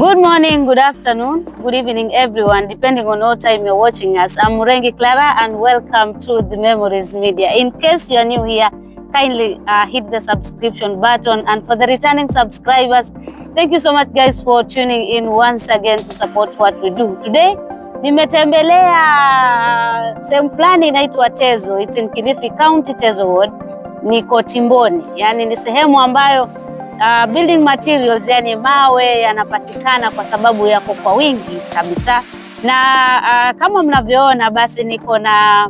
Good morning, good afternoon, good evening everyone, depending on what time you're watching us. I'm Murengi Clara and welcome to The Memories Media. In case you're new here, kindly uh, hit the subscription button and for the returning subscribers, thank you so much guys for tuning in once again to support what we do. Today, nimetembelea sehemu fulani inaitwa Tezo. It's in Kilifi County, Tezo Ward. Niko Timboni. yani ni sehemu ambayo Uh, building materials yani mawe yanapatikana kwa sababu yako kwa wingi kabisa, na uh, kama mnavyoona basi niko na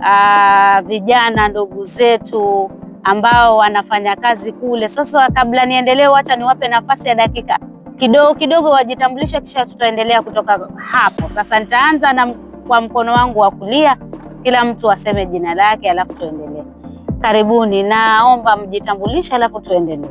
uh, vijana ndugu zetu ambao wanafanya kazi kule. Sasa kabla niendelee, wacha niwape nafasi ya dakika kidogo kidogo wajitambulishe, kisha tutaendelea kutoka hapo. Sasa nitaanza na kwa mkono wangu wa kulia, kila mtu aseme jina lake, alafu tuendelee. Karibuni, naomba mjitambulishe, alafu tuendelee.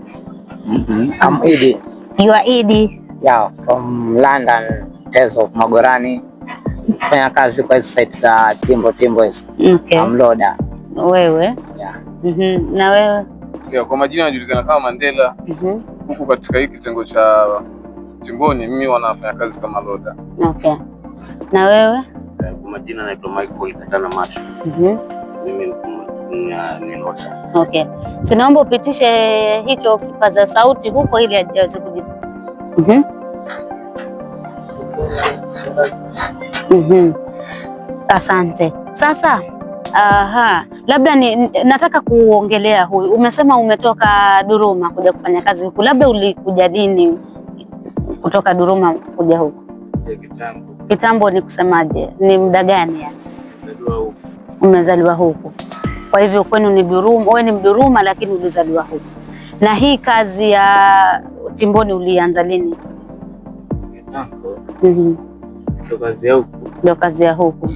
Mm -hmm. I'm Idi. You are Idi? Yeah, from London, Teso Magorani. Fanya kazi kwa hizo site za timbo timbo hizo. Okay. I'm loader. Wewe? Yeah. Mm -hmm. Na wewe? Yeah, kwa majina anajulikana kama Mandela. Mhm. Huku katika hiki kitengo cha Timboni mimi wanafanya kazi kama loader. Okay. Na wewe? Eh, kwa majina naitwa Michael Katana Mash. Mhm. Mimi Okay. Sinaomba upitishe hicho kipaza sauti huko ili ajaweze kuji. Mhm. Mhm. Asante. Sasa aha, labda ni, nataka kuongelea huyu. Umesema umetoka Duruma kuja kufanya kazi huku, labda ulikuja nini kutoka Duruma kuja huku kitambo? Kitambo ni kusemaje, ni muda gani yani? Umezaliwa huku kwa hivyo kwenu ni Biruma, wewe ni Mduruma lakini ulizaliwa huko. Na hii kazi ya Timboni ulianza lini? mm -hmm. Ndio kazi ya huku. Uh,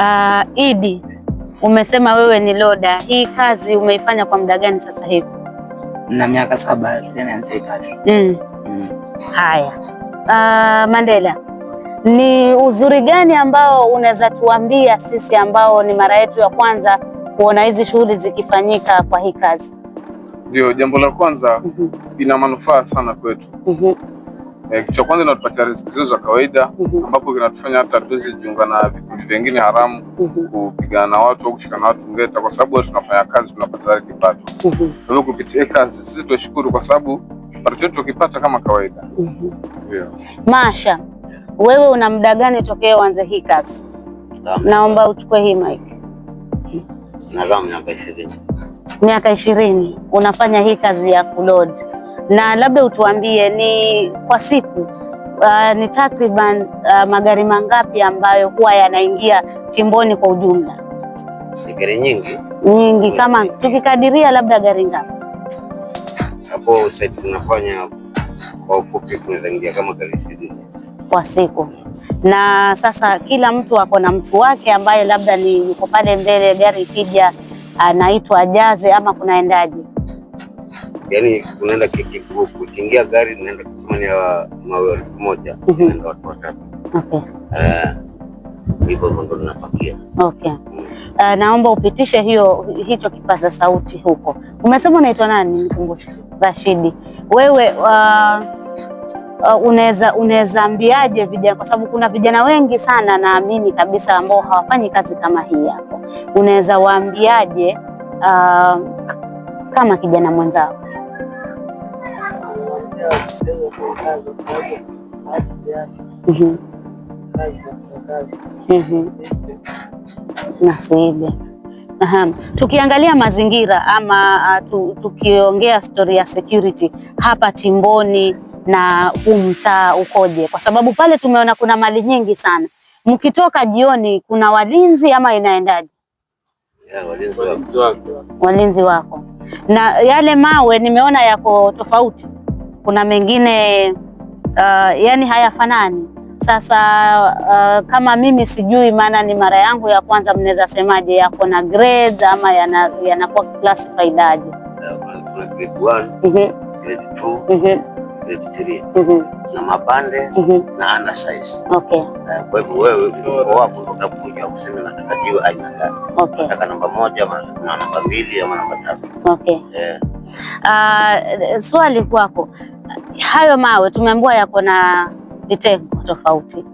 ah, Idi, umesema wewe ni loda, hii kazi umeifanya kwa muda gani sasa hivi? na miaka saba nianze kazi. mm. Mm. Haya, uh, Mandela, ni uzuri gani ambao unaweza tuambia sisi ambao ni mara yetu ya kwanza kuona hizi shughuli zikifanyika kwa hii kazi? Ndio, jambo la kwanza mm -hmm. ina manufaa sana kwetu mm -hmm. E, cha kwanza inatupatia riziki zetu za kawaida mm -hmm. ambapo kinatufanya hata tuwezi jiunga na vikundi vingine haramu mm -hmm. kupigana na watu au kushikana na watu ngeta, kwa sababu tunafanya kazi tunapata kipato mm -hmm. kupitia kazi sisi tunashukuru kwa sababu kipato chetu tukipata kama kawaida mm -hmm. yeah. Masha, wewe una muda gani tokea uanze hii kazi? Naomba uchukue hii mic. Nadhani miaka ishirini. Miaka ishirini unafanya hii kazi ya kulod, na labda utuambie ni kwa siku uh, ni takriban uh, magari mangapi ambayo huwa yanaingia timboni kwa ujumla? Ni gari nyingi nyingi, kama tukikadiria labda gari ngapi hapo? Tunafanya kwa ufupi, kunaingia kama gari ishirini kwa siku na sasa kila mtu ako na mtu wake ambaye labda ni yuko pale mbele, gari ikija anaitwa ajaze, ama kunaendaje? Yani unaenda ukiingia gari naenda aa, mawe elfu moja mhm. naenda watu watatu. Okay. Eh, okay. Uh, naomba upitishe hiyo hicho kipaza sauti huko. Umesema unaitwa nani? Nikumbushe. Rashidi, wewe uh, uh, unaweza unaweza ambiaje vijana, kwa sababu kuna vijana wengi sana naamini kabisa ambao hawafanyi kazi kama hii hapo, unaweza waambiaje uh, kama kijana mwenzao? Mm-hmm. Mm-hmm. nasibe Aham. Tukiangalia mazingira ama uh, tu, tukiongea stori ya security hapa Timboni na huu mtaa ukoje, kwa sababu pale tumeona kuna mali nyingi sana. Mkitoka jioni, kuna walinzi ama inaendaje? Yeah, walinzi wako, Na yale mawe nimeona yako tofauti, kuna mengine uh, yani hayafanani. Sasa uh, kama mimi sijui, maana ni mara yangu ya kwanza, mnaweza semaje, yako na grade ama yanakuwa yana classified aje? Yeah, mhm vegetarian 3 mm -hmm. na mapande mm -hmm. na undersize. Okay. Kwa hivyo wewe mfuko wako ndio utakuja kusema nataka jiwe aina gani. Okay. Nataka namba moja ama na namba mbili ama namba tatu. Okay. Eh. Uh, swali kwako, hayo mawe tumeambiwa yako na vitengo tofauti.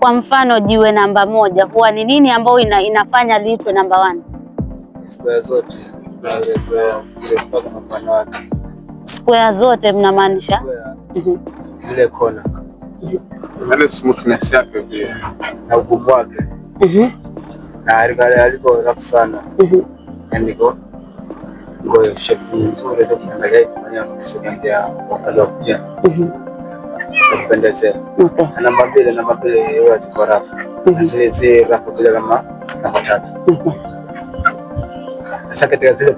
Kwa mfano jiwe namba moja huwa ni nini ambayo ina, inafanya liitwe namba one? Square zote, square zote mnamaanisha Mhm. zile kona mhm. yaani smoothness yake pia na ugumu wake mhm. na aliko rafu sana, niko ngoyo shepu nzuri zile katika zile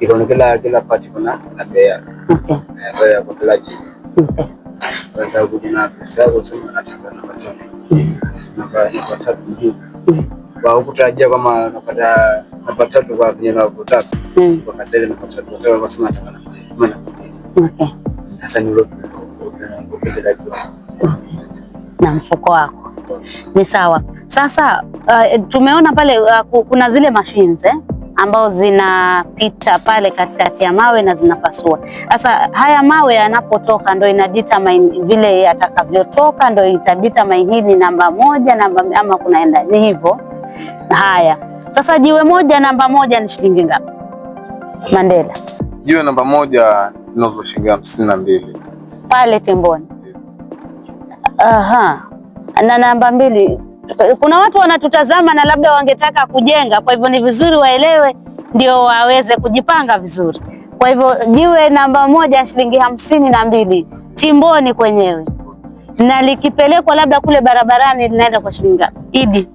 iko kila kila party kuna na bei yake. Okay. Kwa hiyo kwa kila kitu. Kwa sababu kuna pesa yako sema nataka na pato. Na kwa hiyo kwa tatu juu. Kwa huku kama napata napata tu kwa kijana wa tatu. Kwa kadri napata tu kwa sababu sema nataka na maana. Okay. Sasa ni lopo. Na mfuko wako. Ni sawa. Sasa uh, tumeona pale uh, kuna zile mashines eh? ambao zinapita pale katikati ya mawe na zinapasua. Sasa haya mawe yanapotoka ndo ina determine vile yatakavyotoka, ndo ita determine hii ni namba moja namba ama kunaenda ni hivyo. Haya, sasa jiwe moja namba moja ni shilingi ngapi Mandela? Jiwe namba moja linauzwa shilingi hamsini na mbili pale Temboni. Aha, na namba mbili Eh, kuna watu wanatutazama na labda wangetaka kujenga, kwa hivyo ni vizuri waelewe ndio waweze kujipanga vizuri. Kwa hivyo jiwe namba moja shilingi hamsini na mbili Timboni kwenyewe, na likipelekwa labda kule barabarani linaenda kwa shilingi Idi,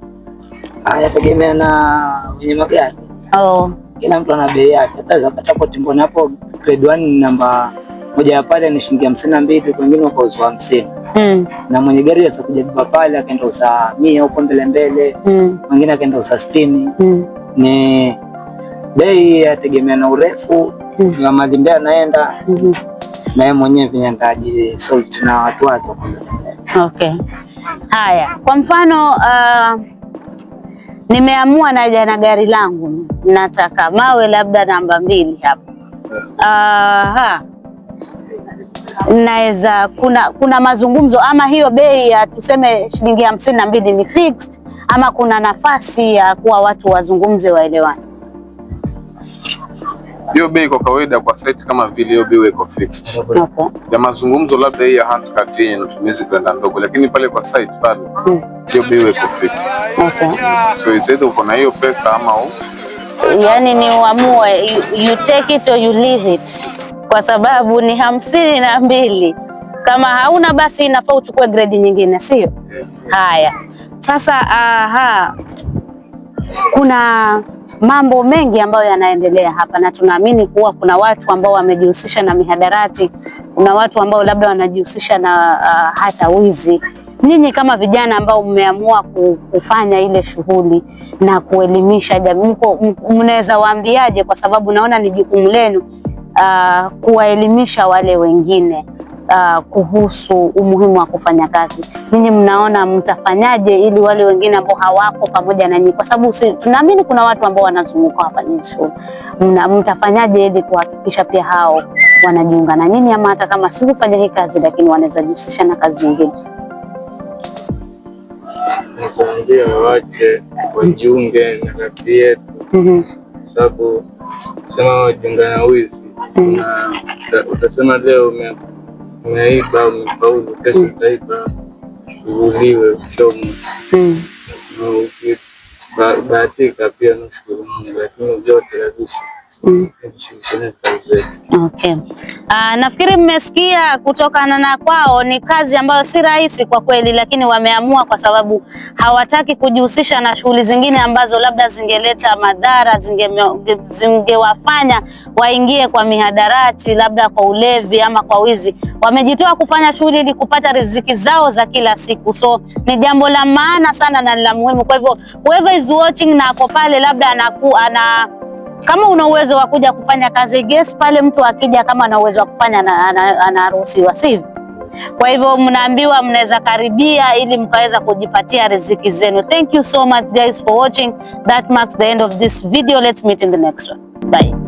ah, yategemea na wenye magari oh. Kila mtu ana bei yake. Hata zapata kwa Timboni hapo grade 1 namba moja ya pale ni shilingi hamsini na mbili, wengine wakauzwa hamsini Mm. na mwenye gari atakuja beba pale, akaenda usaa mia huko mbele mbele, mm. mwingine mm. akaenda usaa sitini mm. ni bei yategemea na urefu mm. amalimbea anaenda mm -hmm. naye mwenyewe vinyataji salt na watu wake. Okay, haya, kwa mfano uh, nimeamua naja na gari langu nataka mawe labda namba mbili hapo. Aha. Uh, naweza kuna, kuna mazungumzo ama hiyo bei ya tuseme shilingi hamsini na mbili ni fixed, ama kuna nafasi ya kuwa watu wazungumze waelewane hiyo bei kwa kawaida kwa site kama vile hiyo bei iko fixed. Okay. Ya mazungumzo labda hii ya hand cut yenye matumizi kwenda ndogo, lakini pale kwa site pale hmm. hiyo bei iko fixed. Okay. So it's either uko na hiyo pesa ama u... yani ni uamue you, you take it or you leave it kwa sababu ni hamsini na mbili. Kama hauna basi inafaa uchukue gredi nyingine, sio? Haya, sasa aha, kuna mambo mengi ambayo yanaendelea hapa, na tunaamini kuwa kuna watu ambao wamejihusisha na mihadarati, kuna watu ambao labda wanajihusisha na uh, hata wizi. nyinyi kama vijana ambao mmeamua kufanya ile shughuli na kuelimisha jamii, mnaweza waambiaje? Kwa sababu naona ni jukumu lenu uh, kuwaelimisha wale wengine uh, kuhusu umuhimu wa kufanya kazi. Ninyi mnaona mtafanyaje ili wale wengine ambao hawako pamoja na nyinyi, kwa sababu tunaamini kuna watu ambao wanazunguka hapa nisho, mtafanyaje ili kuhakikisha pia hao wanajiunga na nyinyi, ama hata kama si kufanya hii kazi, lakini wanaweza jihusisha na kazi nyingine? Nisaambia wache wajiunge na kazi yetu, mm-hmm. sababu sema wajiunga na wizi Mm. utasema leo umeiba, umefaulu, kesho utaiba, uvuliwe, uchomwe, mm. ukibahatika pia nusu, lakini vyote kabisa Mm. Okay. Uh, nafikiri mmesikia kutokana na kwao, ni kazi ambayo si rahisi kwa kweli, lakini wameamua kwa sababu hawataki kujihusisha na shughuli zingine ambazo labda zingeleta madhara, zingewafanya zinge waingie kwa mihadarati, labda kwa ulevi ama kwa wizi. Wamejitoa kufanya shughuli ili kupata riziki zao za kila siku, so ni jambo la maana sana na la muhimu. Kwa hivyo whoever is watching na ako pale labda anaku, ana kama una uwezo wa kuja kufanya kazi gesi pale, mtu akija kama ana uwezo wa kufanya anaruhusiwa, ana, ana Kwa hivyo mnaambiwa mnaweza karibia ili mkaweza kujipatia riziki zenu. Thank you so much guys for watching. That marks the end of this video. Let's meet in the next one. Bye.